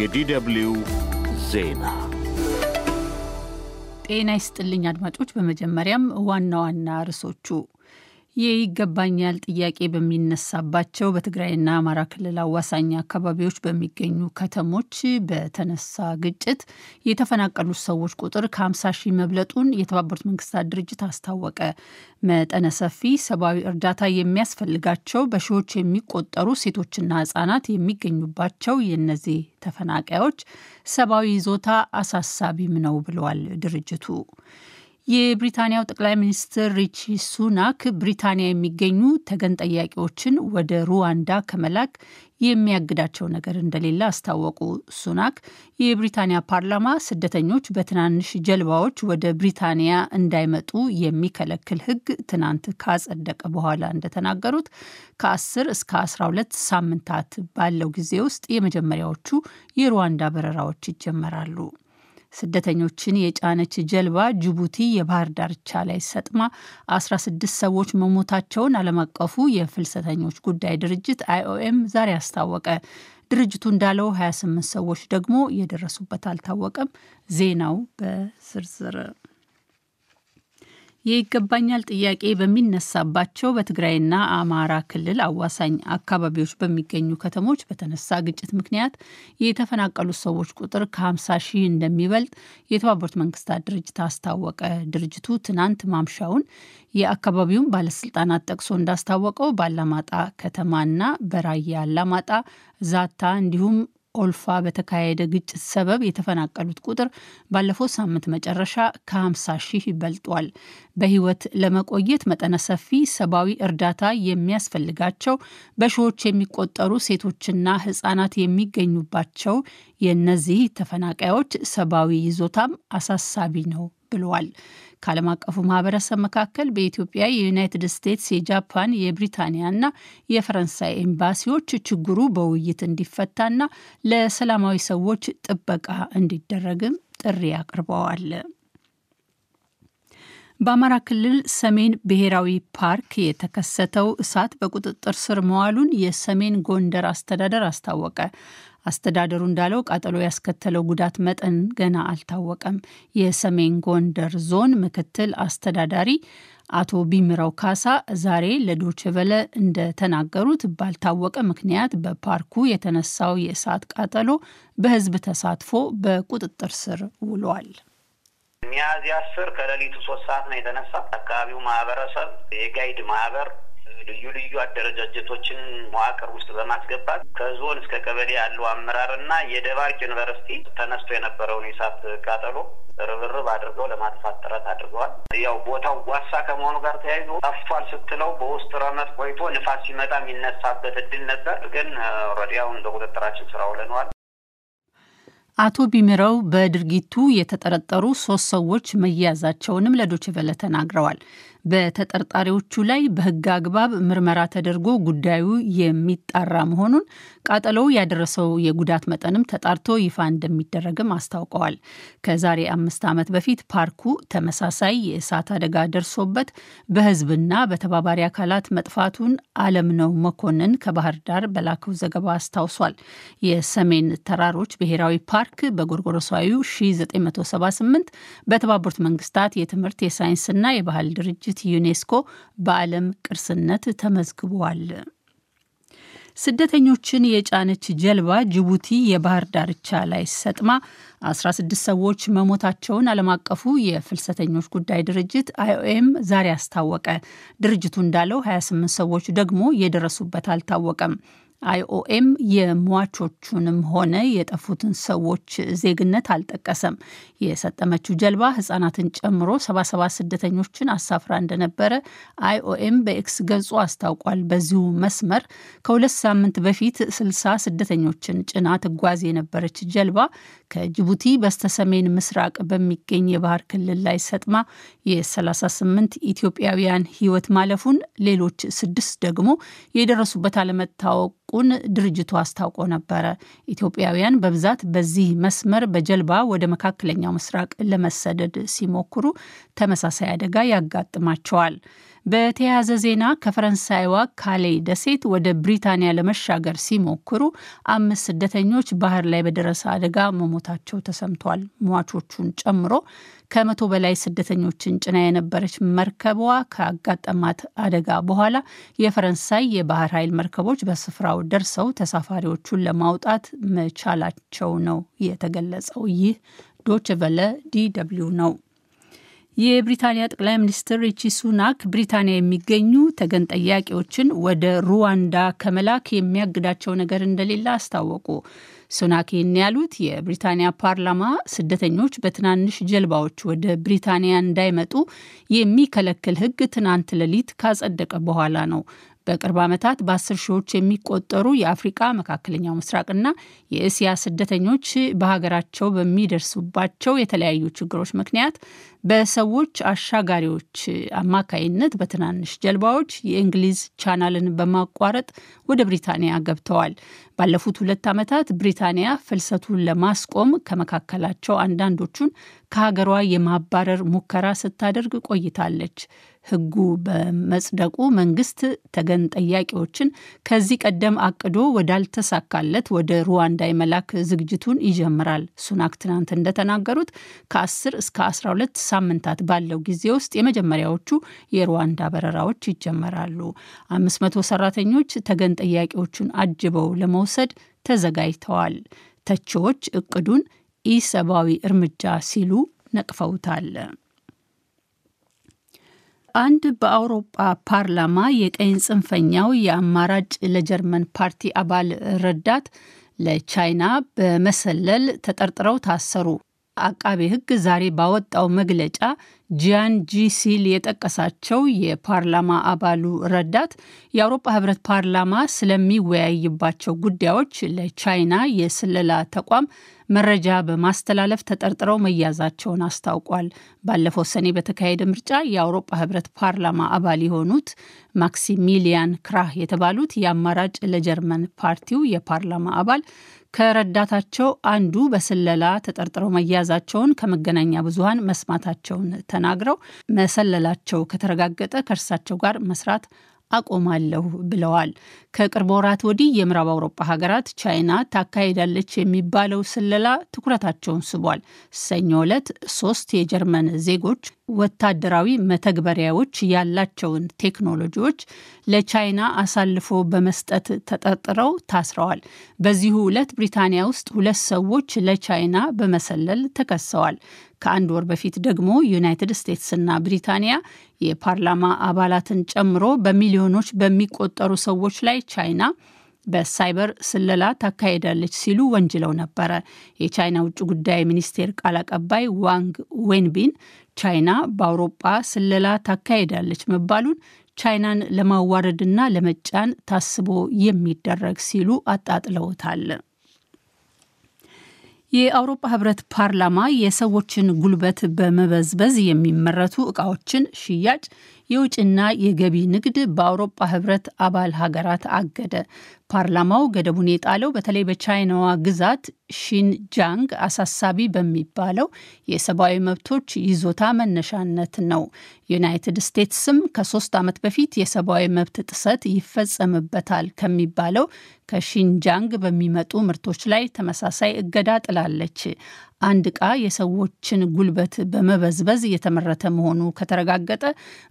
የዲደብልዩ ዜና ጤና ይስጥልኝ አድማጮች። በመጀመሪያም ዋና ዋና ርዕሶቹ የይገባኛል ጥያቄ በሚነሳባቸው በትግራይና አማራ ክልል አዋሳኝ አካባቢዎች በሚገኙ ከተሞች በተነሳ ግጭት የተፈናቀሉት ሰዎች ቁጥር ከ50 ሺህ መብለጡን የተባበሩት መንግስታት ድርጅት አስታወቀ። መጠነ ሰፊ ሰብአዊ እርዳታ የሚያስፈልጋቸው በሺዎች የሚቆጠሩ ሴቶችና ህጻናት የሚገኙባቸው የእነዚህ ተፈናቃዮች ሰብአዊ ይዞታ አሳሳቢም ነው ብለዋል ድርጅቱ። የብሪታንያው ጠቅላይ ሚኒስትር ሪቺ ሱናክ ብሪታንያ የሚገኙ ተገን ጠያቂዎችን ወደ ሩዋንዳ ከመላክ የሚያግዳቸው ነገር እንደሌለ አስታወቁ። ሱናክ የብሪታንያ ፓርላማ ስደተኞች በትናንሽ ጀልባዎች ወደ ብሪታንያ እንዳይመጡ የሚከለክል ሕግ ትናንት ካጸደቀ በኋላ እንደተናገሩት ከ10 እስከ 12 ሳምንታት ባለው ጊዜ ውስጥ የመጀመሪያዎቹ የሩዋንዳ በረራዎች ይጀመራሉ። ስደተኞችን የጫነች ጀልባ ጅቡቲ የባህር ዳርቻ ላይ ሰጥማ 16 ሰዎች መሞታቸውን ዓለም አቀፉ የፍልሰተኞች ጉዳይ ድርጅት አይኦኤም ዛሬ አስታወቀ። ድርጅቱ እንዳለው 28 ሰዎች ደግሞ የደረሱበት አልታወቀም። ዜናው በዝርዝር የይገባኛል ጥያቄ በሚነሳባቸው በትግራይና አማራ ክልል አዋሳኝ አካባቢዎች በሚገኙ ከተሞች በተነሳ ግጭት ምክንያት የተፈናቀሉት ሰዎች ቁጥር ከ50 ሺህ እንደሚበልጥ የተባበሩት መንግስታት ድርጅት አስታወቀ። ድርጅቱ ትናንት ማምሻውን የአካባቢውን ባለስልጣናት ጠቅሶ እንዳስታወቀው ባላማጣ ከተማና በራያ አላማጣ ዛታ እንዲሁም ኦልፋ በተካሄደ ግጭት ሰበብ የተፈናቀሉት ቁጥር ባለፈው ሳምንት መጨረሻ ከ50 ሺህ ይበልጧል። በህይወት ለመቆየት መጠነ ሰፊ ሰብአዊ እርዳታ የሚያስፈልጋቸው በሺዎች የሚቆጠሩ ሴቶችና ህጻናት የሚገኙባቸው የእነዚህ ተፈናቃዮች ሰብአዊ ይዞታም አሳሳቢ ነው ብለዋል። ከዓለም አቀፉ ማህበረሰብ መካከል በኢትዮጵያ የዩናይትድ ስቴትስ፣ የጃፓን፣ የብሪታንያና የፈረንሳይ ኤምባሲዎች ችግሩ በውይይት እንዲፈታና ለሰላማዊ ሰዎች ጥበቃ እንዲደረግም ጥሪ አቅርበዋል። በአማራ ክልል ሰሜን ብሔራዊ ፓርክ የተከሰተው እሳት በቁጥጥር ስር መዋሉን የሰሜን ጎንደር አስተዳደር አስታወቀ። አስተዳደሩ እንዳለው ቃጠሎ ያስከተለው ጉዳት መጠን ገና አልታወቀም። የሰሜን ጎንደር ዞን ምክትል አስተዳዳሪ አቶ ቢምረው ካሳ ዛሬ ለዶችቨለ እንደተናገሩት ባልታወቀ ምክንያት በፓርኩ የተነሳው የእሳት ቃጠሎ በሕዝብ ተሳትፎ በቁጥጥር ስር ውሏል። ሚያዝያ አስር ከሌሊቱ ሶስት ሰዓት ነው የተነሳ። አካባቢው ማህበረሰብ የጋይድ ማህበር ልዩ ልዩ አደረጃጀቶችን መዋቅር ውስጥ በማስገባት ከዞን እስከ ቀበሌ ያለው አመራርና የደባርቅ ዩኒቨርሲቲ ተነስቶ የነበረውን የእሳት ቃጠሎ ርብርብ አድርገው ለማጥፋት ጥረት አድርገዋል። ያው ቦታው ጓሳ ከመሆኑ ጋር ተያይዞ ጠፍቷል ስትለው በውስጥ ረመት ቆይቶ ንፋስ ሲመጣ የሚነሳበት እድል ነበር። ግን ረዲያውን ቁጥጥራችን ስራ ውለነዋል። አቶ ቢምረው በድርጊቱ የተጠረጠሩ ሶስት ሰዎች መያዛቸውንም ለዶችቨለ ተናግረዋል። በተጠርጣሪዎቹ ላይ በሕግ አግባብ ምርመራ ተደርጎ ጉዳዩ የሚጣራ መሆኑን ቃጠሎው ያደረሰው የጉዳት መጠንም ተጣርቶ ይፋ እንደሚደረግም አስታውቀዋል። ከዛሬ አምስት ዓመት በፊት ፓርኩ ተመሳሳይ የእሳት አደጋ ደርሶበት በሕዝብና በተባባሪ አካላት መጥፋቱን አለምነው መኮንን ከባህር ዳር በላከው ዘገባ አስታውሷል። የሰሜን ተራሮች ብሔራዊ ፓርክ በጎርጎሮሳዊው 1978 በተባበሩት መንግስታት የትምህርት የሳይንስና የባህል ድርጅት ድርጅት ዩኔስኮ በዓለም ቅርስነት ተመዝግቧል። ስደተኞችን የጫነች ጀልባ ጅቡቲ የባህር ዳርቻ ላይ ሰጥማ 16 ሰዎች መሞታቸውን ዓለም አቀፉ የፍልሰተኞች ጉዳይ ድርጅት አይኦኤም ዛሬ አስታወቀ። ድርጅቱ እንዳለው 28 ሰዎች ደግሞ የደረሱበት አልታወቀም። አይኦኤም የሟቾቹንም ሆነ የጠፉትን ሰዎች ዜግነት አልጠቀሰም። የሰጠመችው ጀልባ ህጻናትን ጨምሮ 77 ስደተኞችን አሳፍራ እንደነበረ አይኦኤም በኤክስ ገጹ አስታውቋል። በዚሁ መስመር ከሁለት ሳምንት በፊት 60 ስደተኞችን ጭና ትጓዝ የነበረች ጀልባ ከጅቡቲ በስተሰሜን ምስራቅ በሚገኝ የባህር ክልል ላይ ሰጥማ የ38 ኢትዮጵያውያን ህይወት ማለፉን ሌሎች ስድስት ደግሞ የደረሱበት አለመታወቅ መልቀቁን ድርጅቱ አስታውቆ ነበረ። ኢትዮጵያውያን በብዛት በዚህ መስመር በጀልባ ወደ መካከለኛው ምስራቅ ለመሰደድ ሲሞክሩ ተመሳሳይ አደጋ ያጋጥማቸዋል። በተያያዘ ዜና ከፈረንሳይዋ ካሌ ደሴት ወደ ብሪታንያ ለመሻገር ሲሞክሩ አምስት ስደተኞች ባህር ላይ በደረሰ አደጋ መሞታቸው ተሰምቷል። ሟቾቹን ጨምሮ ከመቶ በላይ ስደተኞችን ጭና የነበረች መርከቧ ካጋጠማት አደጋ በኋላ የፈረንሳይ የባህር ኃይል መርከቦች በስፍራው ደርሰው ተሳፋሪዎቹን ለማውጣት መቻላቸው ነው የተገለጸው። ይህ ዶችቨለ ቨለ ነው። የብሪታንያ ጠቅላይ ሚኒስትር ሪቺ ሱናክ ብሪታንያ የሚገኙ ተገን ጠያቂዎችን ወደ ሩዋንዳ ከመላክ የሚያግዳቸው ነገር እንደሌለ አስታወቁ። ሶናክ ያሉት የብሪታንያ ፓርላማ ስደተኞች በትናንሽ ጀልባዎች ወደ ብሪታንያ እንዳይመጡ የሚከለክል ሕግ ትናንት ሌሊት ካጸደቀ በኋላ ነው። በቅርብ ዓመታት በአስር ሺዎች የሚቆጠሩ የአፍሪቃ መካከለኛው ምስራቅና የእስያ ስደተኞች በሀገራቸው በሚደርሱባቸው የተለያዩ ችግሮች ምክንያት በሰዎች አሻጋሪዎች አማካይነት በትናንሽ ጀልባዎች የእንግሊዝ ቻናልን በማቋረጥ ወደ ብሪታንያ ገብተዋል። ባለፉት ሁለት ዓመታት ብሪታንያ ፍልሰቱን ለማስቆም ከመካከላቸው አንዳንዶቹን ከሀገሯ የማባረር ሙከራ ስታደርግ ቆይታለች። ሕጉ በመጽደቁ መንግስት ተገን ጠያቂዎችን ከዚህ ቀደም አቅዶ ወዳልተሳካለት ወደ ሩዋንዳ የመላክ ዝግጅቱን ይጀምራል። ሱናክ ትናንት እንደተናገሩት ከ10 እስከ 12 ሳምንታት ባለው ጊዜ ውስጥ የመጀመሪያዎቹ የሩዋንዳ በረራዎች ይጀመራሉ። አምስት መቶ ሰራተኞች ተገን ጠያቂዎቹን አጅበው ለመውሰድ ተዘጋጅተዋል። ተቺዎች እቅዱን ኢሰብአዊ እርምጃ ሲሉ ነቅፈውታል። አንድ በአውሮጳ ፓርላማ የቀኝ ጽንፈኛው የአማራጭ ለጀርመን ፓርቲ አባል ረዳት ለቻይና በመሰለል ተጠርጥረው ታሰሩ። አቃቤ ሕግ ዛሬ ባወጣው መግለጫ ጂያን ጂ ሲል የጠቀሳቸው የፓርላማ አባሉ ረዳት የአውሮፓ ህብረት ፓርላማ ስለሚወያይባቸው ጉዳዮች ለቻይና የስለላ ተቋም መረጃ በማስተላለፍ ተጠርጥረው መያዛቸውን አስታውቋል። ባለፈው ሰኔ በተካሄደ ምርጫ የአውሮፓ ህብረት ፓርላማ አባል የሆኑት ማክሲሚሊያን ክራህ የተባሉት የአማራጭ ለጀርመን ፓርቲው የፓርላማ አባል ከረዳታቸው አንዱ በስለላ ተጠርጥረው መያዛቸውን ከመገናኛ ብዙኃን መስማታቸውን ተናግረው መሰለላቸው ከተረጋገጠ ከእርሳቸው ጋር መስራት አቆማለሁ ብለዋል። ከቅርብ ወራት ወዲህ የምዕራብ አውሮፓ ሀገራት ቻይና ታካሄዳለች የሚባለው ስለላ ትኩረታቸውን ስቧል። ሰኞ ዕለት ሶስት የጀርመን ዜጎች ወታደራዊ መተግበሪያዎች ያላቸውን ቴክኖሎጂዎች ለቻይና አሳልፎ በመስጠት ተጠርጥረው ታስረዋል። በዚሁ ዕለት ብሪታንያ ውስጥ ሁለት ሰዎች ለቻይና በመሰለል ተከሰዋል። ከአንድ ወር በፊት ደግሞ ዩናይትድ ስቴትስና ብሪታንያ የፓርላማ አባላትን ጨምሮ በሚሊዮኖች በሚቆጠሩ ሰዎች ላይ ቻይና በሳይበር ስለላ ታካሄዳለች ሲሉ ወንጅለው ነበረ። የቻይና ውጭ ጉዳይ ሚኒስቴር ቃል አቀባይ ዋንግ ዌንቢን ቻይና በአውሮጳ ስለላ ታካሄዳለች መባሉን ቻይናን ለማዋረድና ለመጫን ታስቦ የሚደረግ ሲሉ አጣጥለውታል። የአውሮፓ ህብረት ፓርላማ የሰዎችን ጉልበት በመበዝበዝ የሚመረቱ እቃዎችን ሽያጭ የውጭና የገቢ ንግድ በአውሮፓ ህብረት አባል ሀገራት አገደ። ፓርላማው ገደቡን የጣለው በተለይ በቻይናዋ ግዛት ሺንጃንግ አሳሳቢ በሚባለው የሰብአዊ መብቶች ይዞታ መነሻነት ነው። ዩናይትድ ስቴትስም ከሶስት ዓመት በፊት የሰብአዊ መብት ጥሰት ይፈጸምበታል ከሚባለው ከሺንጃንግ በሚመጡ ምርቶች ላይ ተመሳሳይ እገዳ ጥላለች። አንድ ዕቃ የሰዎችን ጉልበት በመበዝበዝ እየተመረተ መሆኑ ከተረጋገጠ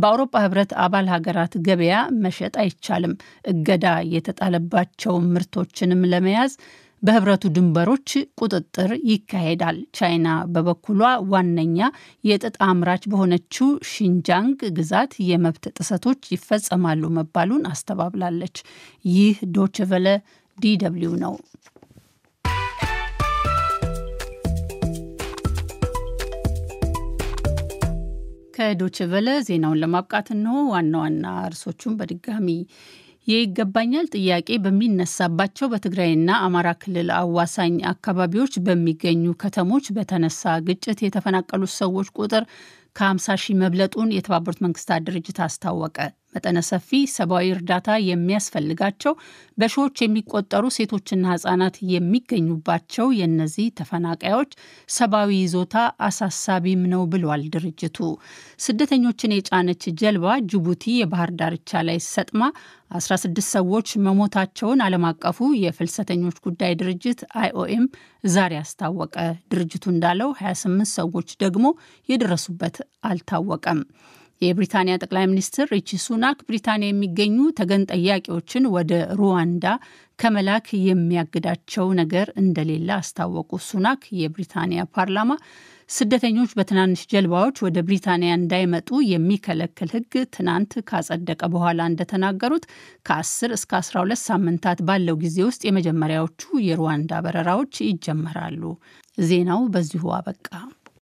በአውሮፓ ህብረት አባል ሀገራት ገበያ መሸጥ አይቻልም። እገዳ የተጣለባቸው ምርቶችንም ለመያዝ በህብረቱ ድንበሮች ቁጥጥር ይካሄዳል። ቻይና በበኩሏ ዋነኛ የጥጥ አምራች በሆነችው ሺንጃንግ ግዛት የመብት ጥሰቶች ይፈጸማሉ መባሉን አስተባብላለች። ይህ ዶችቨለ ዲ ደብልዩ ነው። ከዶችቨለ ዜናውን ለማብቃት እንሆ ዋና ዋና እርሶቹን በድጋሚ የይገባኛል ጥያቄ በሚነሳባቸው በትግራይና አማራ ክልል አዋሳኝ አካባቢዎች በሚገኙ ከተሞች በተነሳ ግጭት የተፈናቀሉት ሰዎች ቁጥር ከ50 ሺህ መብለጡን የተባበሩት መንግስታት ድርጅት አስታወቀ። መጠነ ሰፊ ሰብአዊ እርዳታ የሚያስፈልጋቸው በሺዎች የሚቆጠሩ ሴቶችና ህጻናት የሚገኙባቸው የእነዚህ ተፈናቃዮች ሰብአዊ ይዞታ አሳሳቢም ነው ብሏል ድርጅቱ። ስደተኞችን የጫነች ጀልባ ጅቡቲ የባህር ዳርቻ ላይ ሰጥማ 16 ሰዎች መሞታቸውን ዓለም አቀፉ የፍልሰተኞች ጉዳይ ድርጅት አይኦኤም ዛሬ አስታወቀ። ድርጅቱ እንዳለው 28 ሰዎች ደግሞ የደረሱበት አልታወቀም። የብሪታንያ ጠቅላይ ሚኒስትር ሪቺ ሱናክ ብሪታንያ የሚገኙ ተገን ጠያቂዎችን ወደ ሩዋንዳ ከመላክ የሚያግዳቸው ነገር እንደሌለ አስታወቁ። ሱናክ የብሪታንያ ፓርላማ ስደተኞች በትናንሽ ጀልባዎች ወደ ብሪታንያ እንዳይመጡ የሚከለክል ሕግ ትናንት ካጸደቀ በኋላ እንደተናገሩት ከ10 እስከ 12 ሳምንታት ባለው ጊዜ ውስጥ የመጀመሪያዎቹ የሩዋንዳ በረራዎች ይጀመራሉ። ዜናው በዚሁ አበቃ።